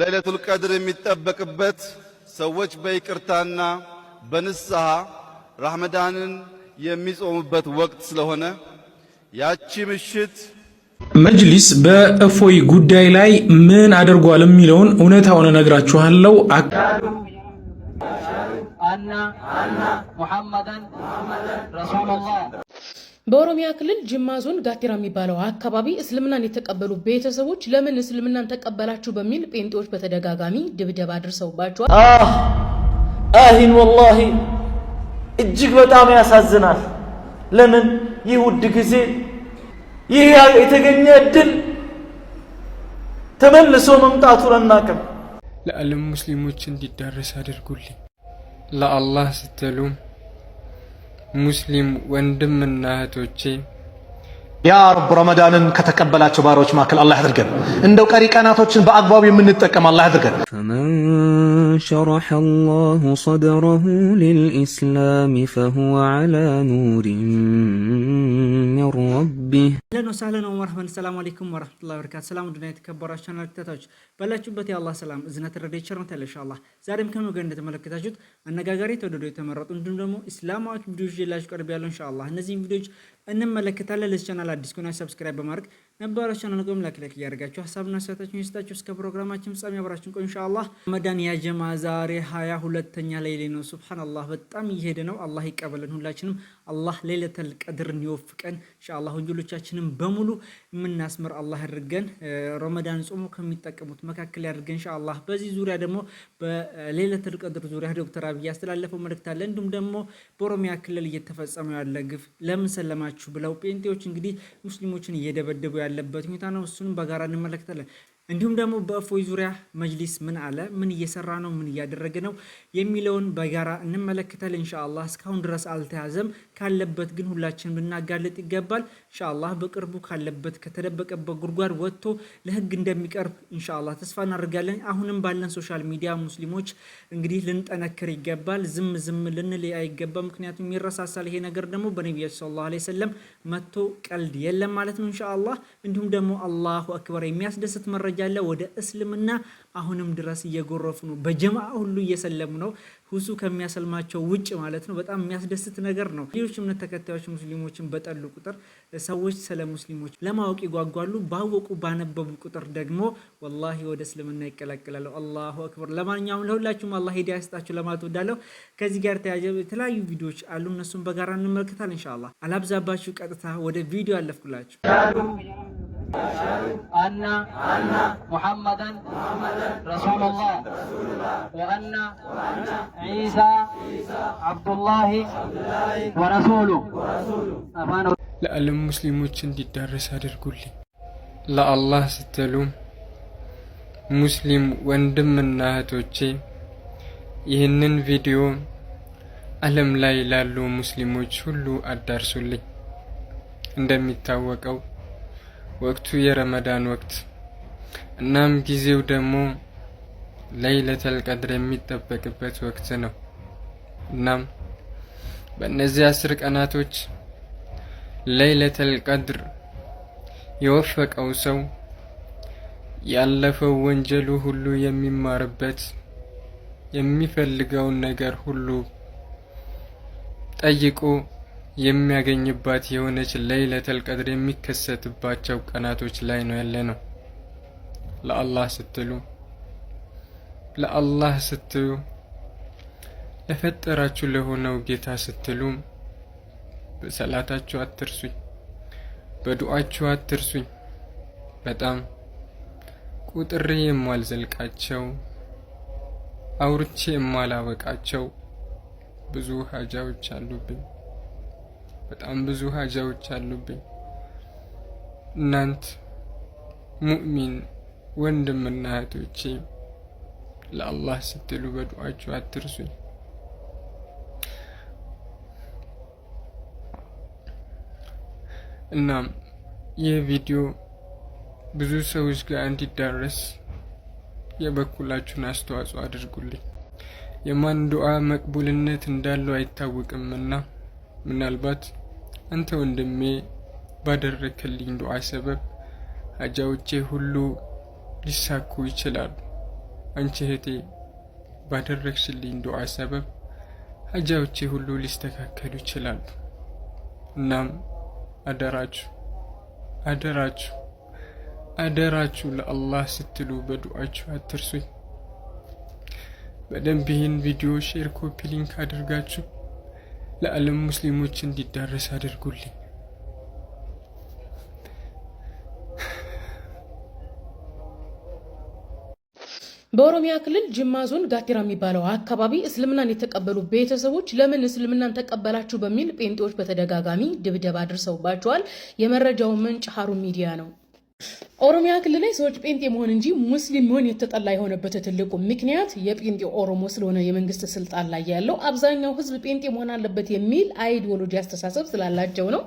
ለይለቱል ቀድር የሚጠበቅበት ሰዎች በይቅርታና በንስሐ ራመዳንን የሚጾሙበት ወቅት ስለሆነ ያቺ ምሽት መጅሊስ በእፎይ ጉዳይ ላይ ምን አድርጓል የሚለውን እውነታውን እነግራችኋለሁ። አና ሙሐመደን ረሱሉላህ በኦሮሚያ ክልል ጅማ ዞን ጋቲራ የሚባለው አካባቢ እስልምናን የተቀበሉ ቤተሰቦች ለምን እስልምናን ተቀበላችሁ በሚል ጴንጤዎች በተደጋጋሚ ድብደባ አድርሰውባቸዋል። አህን ወላሂ እጅግ በጣም ያሳዝናል። ለምን ይህ ውድ ጊዜ ይህ የተገኘ እድል ተመልሶ መምጣቱ ለናቅም ለዓለም ሙስሊሞች እንዲዳረስ አድርጉልኝ ለአላህ ስትሉም ሙስሊም ወንድምና እህቶቼ ያ ረብ ረመዳንን ከተቀበላቸው ባሮች መካከል አላህ አድርገን። እንደው ቀሪ ቀናቶችን በአግባቡ የምንጠቀም አላህ አድርገን። ፈመን ሸረሐ አላሁ ሰድረሁ ሊልኢስላም ፈሁወ ዐላ ኑሪን ሚን ረቢህ። አህለን ወሰህለን ወመርሐበን። ሰላም አለይኩም ወረሕመቱላሂ ወበረካቱህ። ሰላም ድና የተከበራችሁ ተመልካቾች በላችሁበት የአላህ ሰላም እዝነት ረድኤት ቸርነት ያለ ኢንሻአላህ። ዛሬም ከመገ እንደተመለከታችሁት አነጋጋሪ ተወደዶ የተመረጡ እንዲሁም ደግሞ ኢስላማዊ ቪዲዮዎች ላችሁ ቀርብ ያለው ኢንሻአላህ እነዚህም ቪዲዮዎች እንመለከታለን። ለዚህ ቻናል አዲስ ከሆናችሁ ሰብስክራይብ በማድረግ ነባሮች ቻናልኩም ላይክ ላይክ እያደረጋችሁ ሀሳብና አስተያየታችሁን እየሰጣችሁ እስከ ፕሮግራማችን ፍጻሜ አብራችሁን ቆዩ። ኢንሻአላህ ረመዳን ያ ጀማ ዛሬ ሀያ ሁለተኛ ሌሊት ነው። ሱብሃንአላህ በጣም እየሄደ ነው። አላህ ይቀበለን። ሁላችንም አላህ ሌሊተል ቀድርን ይወፍቀን። ኢንሻአላህ ወንጀሎቻችንን በሙሉ የምናስምር አላህ ያድርገን። ረመዳን ጾሙ ከሚጠቀሙት መካከል ያድርገን ኢንሻአላህ። በዚህ ዙሪያ ደግሞ በሌሊተል ቀድር ዙሪያ ዶክተር አብይ ያስተላለፈው መልእክት አለ። እንዲሁም ደግሞ በኦሮሚያ ክልል እየተፈጸመ ያለ ግፍ ለምን ሰለማችሁ ብለው ጴንጤዎች እንግዲህ ሙስሊሞችን እየደበደቡ ያለ ያለበት ሁኔታ ነው። እሱን በጋራ እንመለከታለን። እንዲሁም ደግሞ በእፎይ ዙሪያ መጅሊስ ምን አለ፣ ምን እየሰራ ነው፣ ምን እያደረገ ነው የሚለውን በጋራ እንመለከታል። እንሻአላህ እስካሁን ድረስ አልተያዘም። ካለበት ግን ሁላችን ልናጋልጥ ይገባል። እንሻአላህ በቅርቡ ካለበት ከተደበቀበት ጉድጓድ ወጥቶ ለህግ እንደሚቀርብ እንሻአላህ ተስፋ እናደርጋለን። አሁንም ባለን ሶሻል ሚዲያ ሙስሊሞች እንግዲህ ልንጠነክር ይገባል። ዝም ዝም ልንል አይገባ ምክንያቱም ይረሳሳል። ይሄ ነገር ደግሞ በነቢያችን ሰለላሁ ዐለይሂ ወሰለም መጥቶ ቀልድ የለም ማለት ነው። እንሻአላህ እንዲሁም ደግሞ አላሁ አክበር የሚያስደስት መረጃ አለ። ወደ እስልምና አሁንም ድረስ እየጎረፉ ነው። በጀማ ሁሉ እየሰለሙ ነው። ሁሱ ከሚያሰልማቸው ውጭ ማለት ነው። በጣም የሚያስደስት ነገር ነው። ሌሎች እምነት ተከታዮች ሙስሊሞችን በጠሉ ቁጥር ሰዎች ስለ ሙስሊሞች ለማወቅ ይጓጓሉ። ባወቁ ባነበቡ ቁጥር ደግሞ ወላሂ ወደ እስልምና ይቀላቀላሉ። አላሁ አክበር። ለማንኛውም ለሁላችሁም አላህ ሂዳያ ይስጣችሁ ለማለት ወዳለሁ። ከዚህ ጋር ተያዘ የተለያዩ ቪዲዮዎች አሉ። እነሱን በጋራ እንመለከታል። እንሻላ አላብዛባችሁ፣ ቀጥታ ወደ ቪዲዮ አለፍኩላችሁ። أن محمدا رسول الله وأن عيسى عبد الله ለዓለም ሙስሊሞች እንዲዳረስ አድርጉልኝ። ለአላህ ስትሉ ሙስሊም ወንድምና እህቶቼ ይህንን ቪዲዮ ዓለም ላይ ላሉ ሙስሊሞች ሁሉ አዳርሱልኝ። እንደሚታወቀው ወቅቱ የረመዳን ወቅት እናም ጊዜው ደግሞ ለይለተል ቀድር የሚጠበቅበት ወቅት ነው። እናም በእነዚህ አስር ቀናቶች ለይለተል ቀድር የወፈቀው ሰው ያለፈው ወንጀሉ ሁሉ የሚማርበት የሚፈልገውን ነገር ሁሉ ጠይቆ የሚያገኝባት የሆነች ለይለተል ቀድር የሚከሰትባቸው ቀናቶች ላይ ነው ያለ ነው። ለአላህ ስትሉ ለአላህ ስትሉ ለፈጠራችሁ ለሆነው ጌታ ስትሉ በሰላታችሁ አትርሱኝ፣ በዱዓችሁ አትርሱኝ። በጣም ቁጥሬ የማልዘልቃቸው አውርቼ የማላበቃቸው ብዙ ሀጃዎች አሉብኝ። በጣም ብዙ ሀጃዎች አሉብኝ። እናንት ሙእሚን ወንድምና እህቶቼ ለአላህ ስትሉ በዱዓችሁ አትርሱኝ። እናም ይህ ቪዲዮ ብዙ ሰዎች ጋር እንዲዳረስ የበኩላችሁን አስተዋጽኦ አድርጉልኝ። የማን ዱዓ መቅቡልነት እንዳለው አይታወቅምና ምናልባት አንተ ወንድሜ ባደረክልኝ ዱዓ ሰበብ ሀጃዎቼ ሁሉ ሊሳኩ ይችላሉ። አንቺ እህቴ ባደረግሽልኝ ዱዓ ሰበብ ሀጃዎቼ ሁሉ ሊስተካከሉ ይችላሉ። እናም አደራችሁ አደራችሁ አደራችሁ ለአላህ ስትሉ በዱዓችሁ አትርሱኝ። በደንብ ይህን ቪዲዮ ሼር፣ ኮፒ ሊንክ አድርጋችሁ ለዓለም ሙስሊሞች እንዲዳረስ አድርጉልኝ። በኦሮሚያ ክልል ጅማ ዞን ጋቴራ የሚባለው አካባቢ እስልምናን የተቀበሉ ቤተሰቦች ለምን እስልምናን ተቀበላችሁ በሚል ጴንጤዎች በተደጋጋሚ ድብደባ አድርሰውባቸዋል። የመረጃው ምንጭ ሀሩን ሚዲያ ነው። ኦሮሚያ ክልል ላይ ሰዎች ጴንጤ መሆን እንጂ ሙስሊም መሆን የተጠላ የሆነበት ትልቁ ምክንያት የጴንጤ ኦሮሞ ስለሆነ የመንግስት ስልጣን ላይ ያለው አብዛኛው ህዝብ ጴንጤ መሆን አለበት የሚል አይዲዮሎጂ አስተሳሰብ ስላላቸው ነው።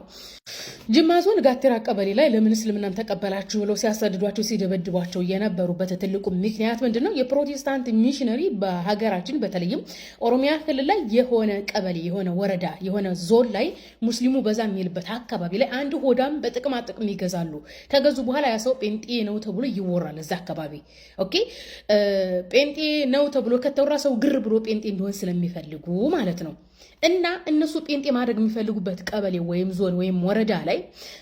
ጅማ ዞን ጋቴራ ቀበሌ ላይ ለምን እስልምናን ተቀበላችሁ ብለው ሲያሳድዷቸው፣ ሲደበድቧቸው የነበሩበት ትልቁ ምክንያት ምንድን ነው? የፕሮቴስታንት ሚሽነሪ በሀገራችን በተለይም ኦሮሚያ ክልል ላይ የሆነ ቀበሌ የሆነ ወረዳ የሆነ ዞን ላይ ሙስሊሙ በዛ የሚልበት አካባቢ ላይ አንድ ሆዳም በጥቅማጥቅም ይገዛሉ። ከገዙ በኋላ በኋላ ያ ሰው ጴንጤ ነው ተብሎ ይወራል እዛ አካባቢ። ኦኬ ጴንጤ ነው ተብሎ ከተወራ ሰው ግር ብሎ ጴንጤ እንዲሆን ስለሚፈልጉ ማለት ነው። እና እነሱ ጴንጤ ማድረግ የሚፈልጉበት ቀበሌ ወይም ዞን ወይም ወረዳ ላይ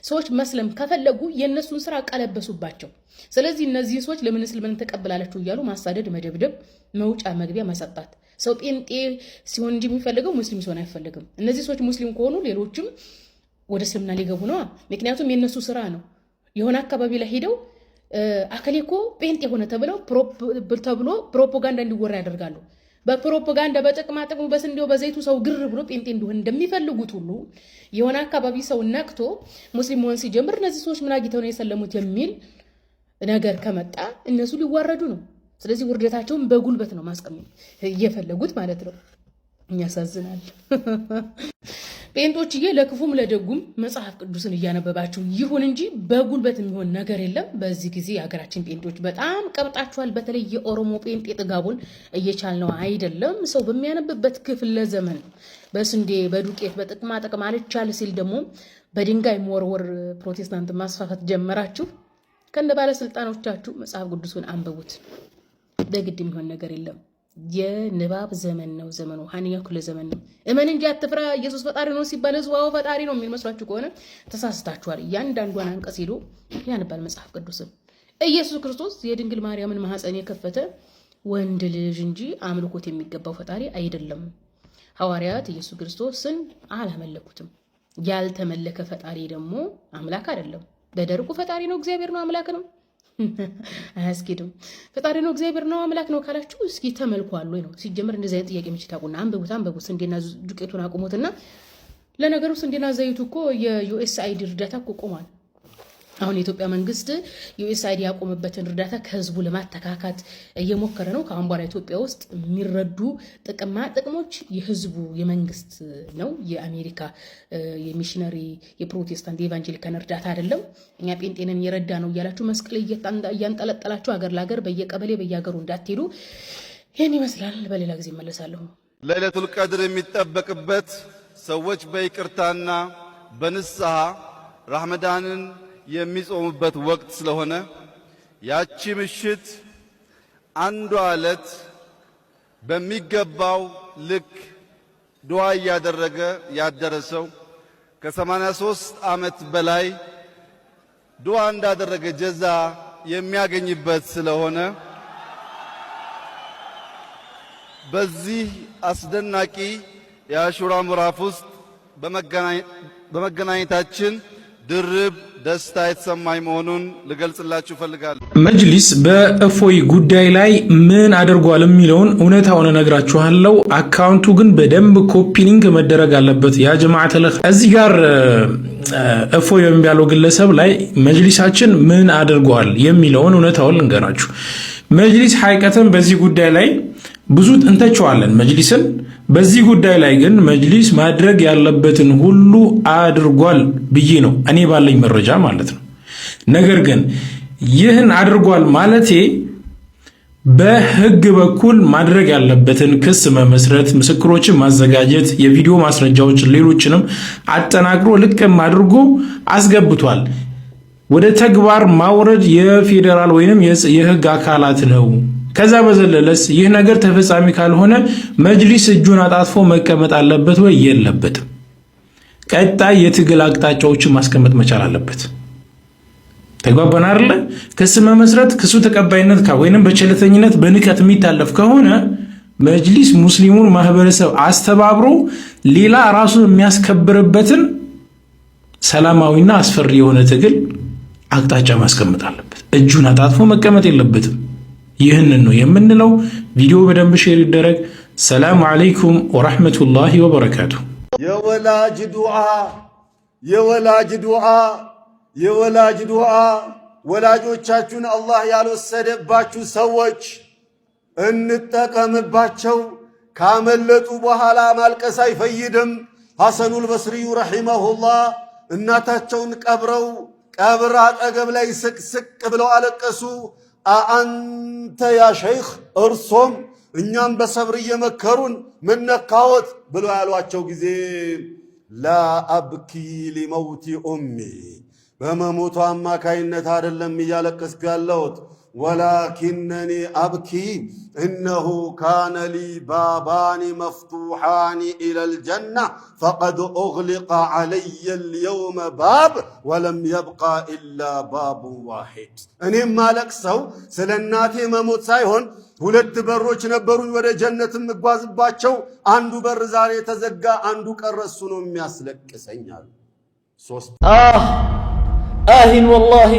ሰዎች መስለም ከፈለጉ የእነሱን ስራ ቀለበሱባቸው። ስለዚህ እነዚህን ሰዎች ለምን እስልምና ተቀብላላችሁ እያሉ ማሳደድ፣ መደብደብ፣ መውጫ መግቢያ መሰጣት። ሰው ጴንጤ ሲሆን እንጂ የሚፈልገው ሙስሊም ሲሆን አይፈልግም። እነዚህ ሰዎች ሙስሊም ከሆኑ ሌሎችም ወደ እስልምና ሊገቡ ነዋ። ምክንያቱም የእነሱ ስራ ነው። የሆነ አካባቢ ላይ ሄደው አከሌኮ ጴንጤ የሆነ ተብለው ተብሎ ፕሮፓጋንዳ እንዲወራ ያደርጋሉ። በፕሮፓጋንዳ በጥቅማ ጥቅሙ በስንዴው በዘይቱ ሰው ግር ብሎ ጴንጤ እንዲሆን እንደሚፈልጉት ሁሉ የሆነ አካባቢ ሰው ነቅቶ ሙስሊም መሆን ሲጀምር እነዚህ ሰዎች ምን አግኝተው ነው የሰለሙት የሚል ነገር ከመጣ እነሱ ሊዋረዱ ነው። ስለዚህ ውርደታቸውን በጉልበት ነው ማስቀመጥ እየፈለጉት ማለት ነው። ያሳዝናል። ጴንጦችዬ ለክፉም ለደጉም መጽሐፍ ቅዱስን እያነበባችሁ ይሁን እንጂ በጉልበት የሚሆን ነገር የለም። በዚህ ጊዜ የሀገራችን ጴንጦች በጣም ቀብጣችኋል። በተለይ የኦሮሞ ጴንጤ ጥጋቡን እየቻልነው አይደለም። ሰው በሚያነብበት ክፍለ ዘመን በስንዴ በዱቄት በጥቅማ ጥቅም አልቻል ሲል ደግሞ በድንጋይ መወርወር ፕሮቴስታንት ማስፋፋት ጀመራችሁ። ከእንደ ባለስልጣኖቻችሁ መጽሐፍ ቅዱሱን አንብቡት። በግድ የሚሆን ነገር የለም። የንባብ ዘመን ነው። ዘመኑ ሀንኛ ክፍለ ዘመን ነው። እመን እንጂ አትፍራ፣ ኢየሱስ ፈጣሪ ነው ሲባል ህዝብ ፈጣሪ ነው የሚል ከሆነ ተሳስታችኋል። እያንዳንዷን አንቀጽ ሄዶ ያንባል መጽሐፍ ቅዱስም ኢየሱስ ክርስቶስ የድንግል ማርያምን ማህፀን የከፈተ ወንድ ልጅ እንጂ አምልኮት የሚገባው ፈጣሪ አይደለም። ሐዋርያት ኢየሱስ ክርስቶስን አላመለኩትም። ያልተመለከ ፈጣሪ ደግሞ አምላክ አይደለም። በደርቁ ፈጣሪ ነው፣ እግዚአብሔር ነው፣ አምላክ ነው። አያስኬድም። ፈጣሪ ነው እግዚአብሔር ነው አምላክ ነው ካላችሁ እስኪ ተመልኳሉ ነው ሲጀምር። እንደዚህ አይነት ጥያቄ ምችት ታቁና፣ አንብቡት፣ አንብቡት ስንዴና ዱቄቱን አቁሙትና ለነገሩ ስንዴና ዘይቱ እኮ የዩኤስአይዲ እርዳታ እኮ ቆሟል። አሁን የኢትዮጵያ መንግስት ዩኤስአይዲ ያቆመበትን እርዳታ ከህዝቡ ለማተካካት እየሞከረ ነው። ከአሁን በኋላ ኢትዮጵያ ውስጥ የሚረዱ ጥቅማ ጥቅሞች የህዝቡ የመንግስት ነው። የአሜሪካ የሚሽነሪ የፕሮቴስታንት የኤቫንጀሊካን እርዳታ አይደለም። እኛ ጴንጤንን የረዳ ነው እያላችሁ መስቀል እያንጠለጠላችሁ ሀገር ለሀገር በየቀበሌ በየሀገሩ እንዳትሄዱ። ይህን ይመስላል። በሌላ ጊዜ እመለሳለሁ። ለይለቱል ቀድር የሚጠበቅበት ሰዎች በይቅርታና በንስሐ ራመዳንን። የሚጾሙበት ወቅት ስለሆነ ያቺ ምሽት አንዷ ዕለት በሚገባው ልክ ዱዓ እያደረገ ያደረሰው ከ83 ዓመት በላይ ዱዓ እንዳደረገ ጀዛ የሚያገኝበት ስለሆነ በዚህ አስደናቂ የአሹራ ምዕራፍ ውስጥ በመገናኘታችን ድርብ ደስታ የተሰማኝ መሆኑን ልገልጽላችሁ እፈልጋለሁ። መጅሊስ በእፎይ ጉዳይ ላይ ምን አድርጓል የሚለውን እውነታውን እነግራችኋለሁ። አካውንቱ ግን በደንብ ኮፒኒንግ መደረግ አለበት። ያ ጀማዓት እዚህ ጋር እፎይ የሚባለው ግለሰብ ላይ መጅሊሳችን ምን አድርጓል የሚለውን እውነታውን ልንገራችሁ። መጅሊስ ሀይቀትን በዚህ ጉዳይ ላይ ብዙ እንተቸዋለን መጅሊስን በዚህ ጉዳይ ላይ ግን መጅሊስ ማድረግ ያለበትን ሁሉ አድርጓል ብዬ ነው እኔ ባለኝ መረጃ ማለት ነው። ነገር ግን ይህን አድርጓል ማለቴ በህግ በኩል ማድረግ ያለበትን ክስ መመስረት፣ ምስክሮችን ማዘጋጀት፣ የቪዲዮ ማስረጃዎችን ሌሎችንም አጠናቅሮ ልቅም አድርጎ አስገብቷል። ወደ ተግባር ማውረድ የፌዴራል ወይንም የህግ አካላት ነው ከዛ በዘለለስ ይህ ነገር ተፈጻሚ ካልሆነ መጅሊስ እጁን አጣጥፎ መቀመጥ አለበት ወይ? የለበትም። ቀጣይ የትግል አቅጣጫዎችን ማስቀመጥ መቻል አለበት። ተግባባን አይደለ? ክስ መመስረት ክሱ ተቀባይነት ወይንም በቸልተኝነት በንቀት የሚታለፍ ከሆነ መጅሊስ ሙስሊሙን ማህበረሰብ አስተባብሮ ሌላ ራሱን የሚያስከብርበትን ሰላማዊና አስፈሪ የሆነ ትግል አቅጣጫ ማስቀመጥ አለበት። እጁን አጣጥፎ መቀመጥ የለበትም። ይህንን ነው የምንለው። ቪዲዮ በደንብ ሼር ይደረግ። ሰላሙ አለይኩም ወራህመቱላሂ ወበረካቱ። የወላጅ ዱዓ የወላጅ ዱዓ የወላጅ ዱዓ ወላጆቻችሁን አላህ ያልወሰደባችሁ ሰዎች እንጠቀምባቸው። ካመለጡ በኋላ ማልቀስ አይፈይድም። ሐሰኑል በስሪዩ ረሒመሁላህ እናታቸውን ቀብረው ቀብር አጠገብ ላይ ስቅስቅ ብለው አለቀሱ። አአንተ ያ ሸይኽ እርሶም እኛም በሰብር እየመከሩን ምነካወት ብሎ ያሏቸው ጊዜ ላ አብኪ ሊመውቲ ኡሚ በመሞቱ አማካይነት አይደለም እያለቀስኩ ያለሁት ወላኪነኒ አብኪ እነሁ ካነ ሊ ባባኒ መፍቱሓኒ ኢለል ጀና ፈቀድ ኡግሊቀ ዓለየ ልየውመ ባብ ወለም የብቃ ኢላ ባቡ ዋሂድ። እኔም ማለቅ ሰው ስለ እናቴ መሞት ሳይሆን ሁለት በሮች ነበሩኝ ወደ ጀነት የምጓዝባቸው። አንዱ በር ዛሬ የተዘጋ፣ አንዱ ቀረሱ ነው የሚያስለቅሰኛል። ሶስት አህ አህን ወላሂ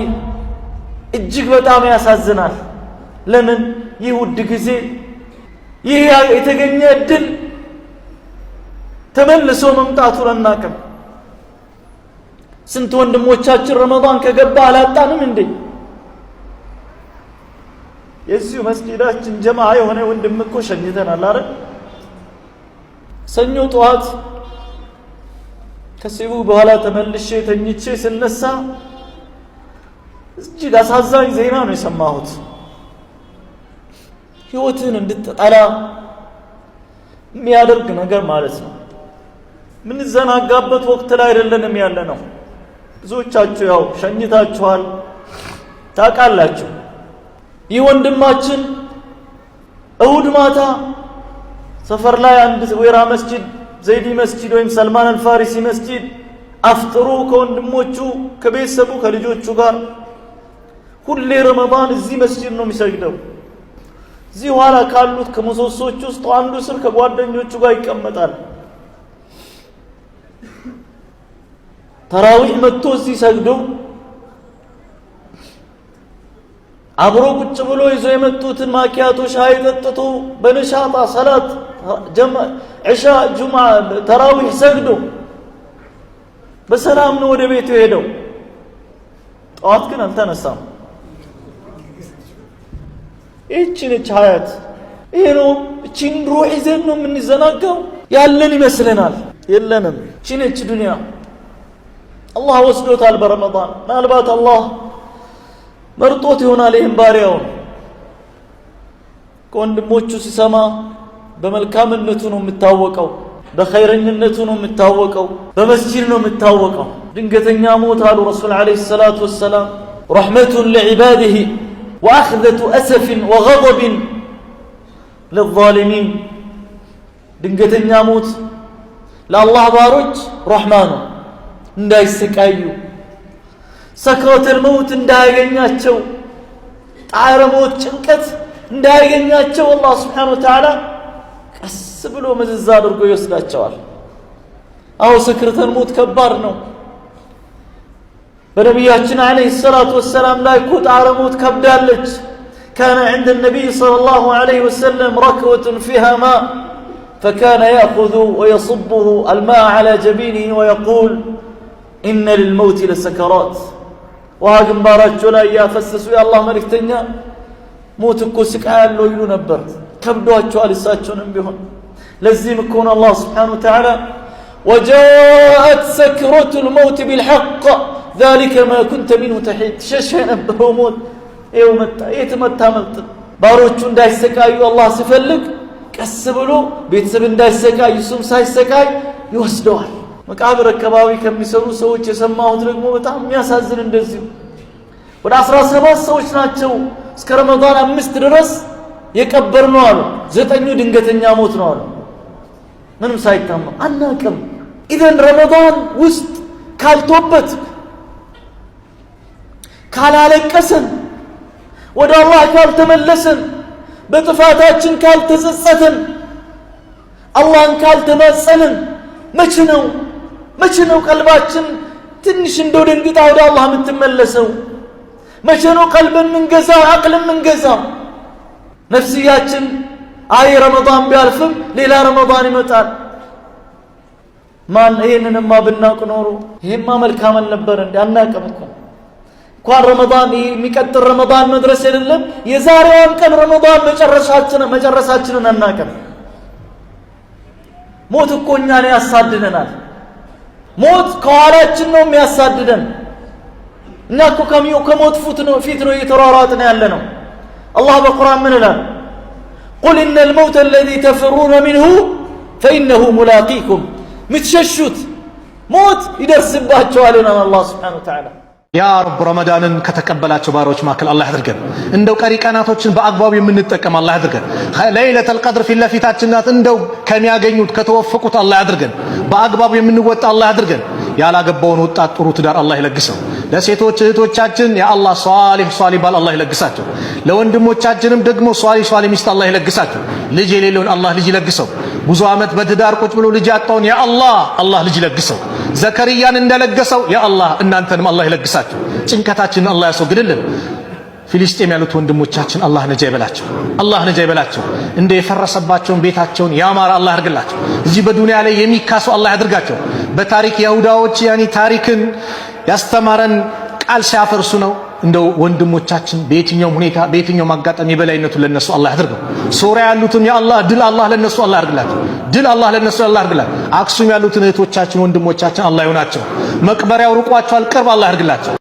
እጅግ በጣም ያሳዝናል። ለምን ይህ ውድ ጊዜ ይህ የተገኘ እድል ተመልሶ መምጣቱን አናቅም። ስንት ወንድሞቻችን ረመዳን ከገባ አላጣንም እንዴ? የዚሁ መስጊዳችን ጀማ የሆነ ወንድም እኮ ሸኝተናል። አረ ሰኞ ጠዋት ከሲቡ በኋላ ተመልሼ ተኝቼ ስነሳ እጅግ አሳዛኝ ዜና ነው የሰማሁት። ህይወትን እንድትጠላ የሚያደርግ ነገር ማለት ነው። የምንዘናጋበት ወቅት ላይ አይደለንም ያለ ነው። ብዙዎቻችሁ ያው ሸኝታችኋል፣ ታውቃላችሁ። ይህ ወንድማችን እሁድ ማታ ሰፈር ላይ አንድ ወይራ መስጂድ፣ ዘይዲ መስጂድ ወይም ሰልማን አልፋሪሲ መስጂድ አፍጥሩ ከወንድሞቹ ከቤተሰቡ ከልጆቹ ጋር ሁሌ ረመዳን እዚህ መስጂድ ነው የሚሰግደው። እዚህ ኋላ ካሉት ከመሶሶች ውስጥ አንዱ ስር ከጓደኞቹ ጋር ይቀመጣል። ተራዊህ መጥቶ እዚህ ሰግዶ አብሮ ቁጭ ብሎ ይዞ የመጡትን ማኪያቶ ሻይ ጠጥቶ በነሻጣ ሰላት ዕሻ፣ ጁማ ተራዊህ ሰግዶ በሰላም ነው ወደ ቤቱ ሄደው። ጠዋት ግን አልተነሳም። ይህች ነች ሀያት። ይሄ ነው እቺን ሩህ ይዘን ነው የምንዘናጋው። ያለን ይመስለናል፣ የለንም። እቺ ነች ዱንያ። አላህ ወስዶታል በረመዳን። ምናልባት አላህ መርጦት ይሆናል ይህም ባሪያውን ከወንድሞቹ ሲሰማ በመልካምነቱ ነው የምታወቀው፣ በኸይረኝነቱ ነው የምታወቀው፣ በመስጂድ ነው የምታወቀው። ድንገተኛ ሞት አሉ ረሱል ዓለይሂ ሰላቱ ወሰላም ረሕመቱን ለዒባድህ ወአኽዘቱ አሰፍን ወገضብን ለዛሊሚን ድንገተኛ ሞት ለአላህ ባሮች ረሕማ ነው እንዳይሰቃዩ ሰክረተል መውት እንዳያገኛቸው ጣረ ሞት ጭንቀት እንዳያገኛቸው አላህ ስብሓን ወተዓላ ቀስ ብሎ መዝዝ አድርጎ ይወስዳቸዋል አዎ ሰክረተል ሞት ከባድ ነው በነቢያችን عليه الصلاة والسلام لا يكوت عرموت كبدالج كان عند النبي صلى الله عليه وسلم ركوة فيها ماء فكان يأخذ ويصبه الماء على جبينه ويقول إن للموت لسكرات وهاجم بارات جولا يا فسسوا يا الله ملك تنيا موت كوسك آل لو يلو نبر كبدوا جوال ساتشون بهم لزيم الله سبحانه وتعالى وجاءت سكرة الموت بالحق ዛሊከ ማ ኩንተ ሚንሁ ተሒድ ትሸሻ የነበረው ሞት ይኸው መጣ። የትመታ መብጥ ባሮቹ እንዳይሰቃዩ አላህ ሲፈልግ ቀስ ብሎ ቤተሰብ እንዳይሰቃይ እሱም ሳይሰቃይ ይወስደዋል። መቃብር አካባቢ ከሚሰሩ ሰዎች የሰማሁት ደግሞ በጣም የሚያሳዝን እንደዚሁ ወደ አስራ ሰባት ሰዎች ናቸው እስከ ረመዳን አምስት ድረስ የቀበር ነው አሉ። ዘጠኙ ድንገተኛ ሞት ነው አሉ። ምንም ሳይታመም አናቅም። ኢደን ረመዳን ውስጥ ካልቶበት ካላለቀስን ወደ አላህ ካልተመለስን በጥፋታችን ካልተጸጸትን አላህን ካልተማጸንን መቼ ነው መቼ ነው ቀልባችን ትንሽ እንደው ደንግጣ ወደ አላህ የምትመለሰው? መቼ ነው ቀልብ የምንገዛ አቅል የምንገዛ? ነፍስያችን አይ ረመዳን ቢያልፍም ሌላ ረመዳን ይመጣል። ማን ይህንንማ ብናውቅ ኖሮ ይህማ መልካም አልነበረ እንዲ አናቅም እኮ እንኳን ረመዳን የሚቀጥል ረመዳን መድረስ አይደለም የዛሬዋን ቀን ረመዳን መጨረሻችንን መጨረሳችንን አናቀም። ሞት እኮ እኛን ያሳድደናል። ሞት ከኋላችን ነው የሚያሳድደን። እኛ እኮ ከሞት ፉት ነው ፊት ነው እየተሯሯጥን ያለ ነው። አላህ በቁርአን ምን ይላል? ቁል ኢነ ልመውት አለዚ ተፍሩነ ሚንሁ ፈኢነሁ ሙላቂኩም። የምትሸሹት ሞት ይደርስባቸዋል ይላል አላህ ስብሓነሁ ወተዓላ ያ ረብ ረመዳንን ከተቀበላቸው ባሮች መካከል አላህ አድርገን። እንደው ቀሪ ቀናቶችን በአግባቡ የምንጠቀም አላህ አድርገን። ለይለተል ቀድር ፊት ለፊታችን ናት። እንደው ከሚያገኙት ከተወፈቁት አላህ አድርገን። በአግባቡ የምንወጣ አላህ አድርገን። ያላገባውን ወጣት ጥሩ ትዳር አላህ ይለግሰው። ለሴቶች እህቶቻችን የአላህ ሷሊህ ሷሊህ ባል አላህ ይለግሳቸው። ለወንድሞቻችንም ደግሞ ሷሊህ ሷሊህ ሚስት አላህ ይለግሳቸው። ልጅ የሌለውን አላህ ልጅ ይለግሰው። ብዙ ዓመት በትዳር ቁጭ ብሎ ልጅ ያጣውን ያ አላህ አላህ ልጅ ለግሰው፣ ዘከርያን እንደለገሰው ያ አላህ እናንተንም አላህ ይለግሳችሁ፣ ጭንቀታችንን አላህ ያስወግድልን። ፊልስጤም ያሉት ወንድሞቻችን አላህ ነጃ ይበላቸው፣ አላህ ነጃ ይበላቸው። እንደ የፈረሰባቸውን ቤታቸውን ያማረ አላህ ያድርግላቸው። እዚህ በዱንያ ላይ የሚካሱ አላህ ያድርጋቸው። በታሪክ ያሁዳዎች ያኒ ታሪክን ያስተማረን ቃል ሲያፈርሱ ነው። እንደው ወንድሞቻችን በየትኛውም ሁኔታ በየትኛውም አጋጣሚ የበላይነቱን ለነሱ አላህ ያድርገው። ሶሪያ ያሉትም የአላህ ድል አላህ ለነሱ አላህ ያድርግላት፣ ድል አላህ ለነሱ አላህ ያድርግላት። አክሱም ያሉትን እህቶቻችን ወንድሞቻችን አላህ ይሆናቸው። መቅበሪያው ርቋቸዋል፣ ቅርብ አላህ ያድርግላቸው።